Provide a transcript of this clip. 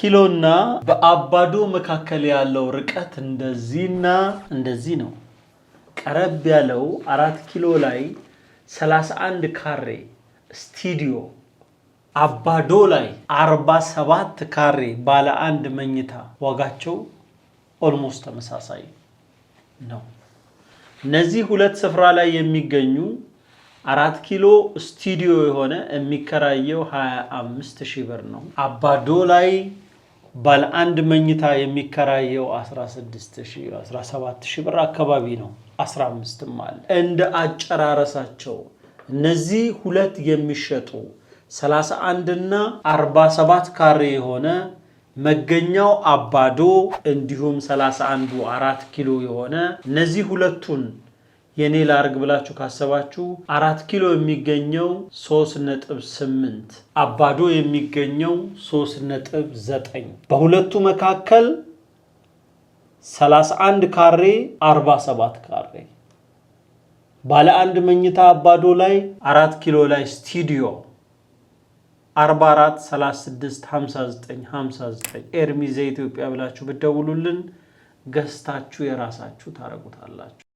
ኪሎና በአባዶ መካከል ያለው ርቀት እንደዚህና እንደዚህ ነው። ቀረብ ያለው አራት ኪሎ ላይ 31 ካሬ ስቱዲዮ፣ አባዶ ላይ 47 ካሬ ባለ አንድ መኝታ ዋጋቸው ኦልሞስት ተመሳሳይ ነው። እነዚህ ሁለት ስፍራ ላይ የሚገኙ አራት ኪሎ ስቱዲዮ የሆነ የሚከራየው 25 ሺህ ብር ነው። አባዶ ላይ ባለ አንድ መኝታ የሚከራየው 17000 ብር አካባቢ ነው። 15ም አለ እንደ አጨራረሳቸው። እነዚህ ሁለት የሚሸጡ 31 እና 47 ካሬ የሆነ መገኛው አባዶ እንዲሁም 31ዱ አራት ኪሎ የሆነ እነዚህ ሁለቱን የኔ ላርግ ብላችሁ ካሰባችሁ አራት ኪሎ የሚገኘው ሶስት ነጥብ ስምንት አባዶ የሚገኘው ሶስት ነጥብ ዘጠኝ በሁለቱ መካከል 31 ካሬ 47 ካሬ ባለ አንድ መኝታ አባዶ ላይ አራት ኪሎ ላይ ስቱዲዮ 44 36 59 59 ኤርሚዘ ኢትዮጵያ ብላችሁ ብደውሉልን ገዝታችሁ የራሳችሁ ታረጉታላችሁ።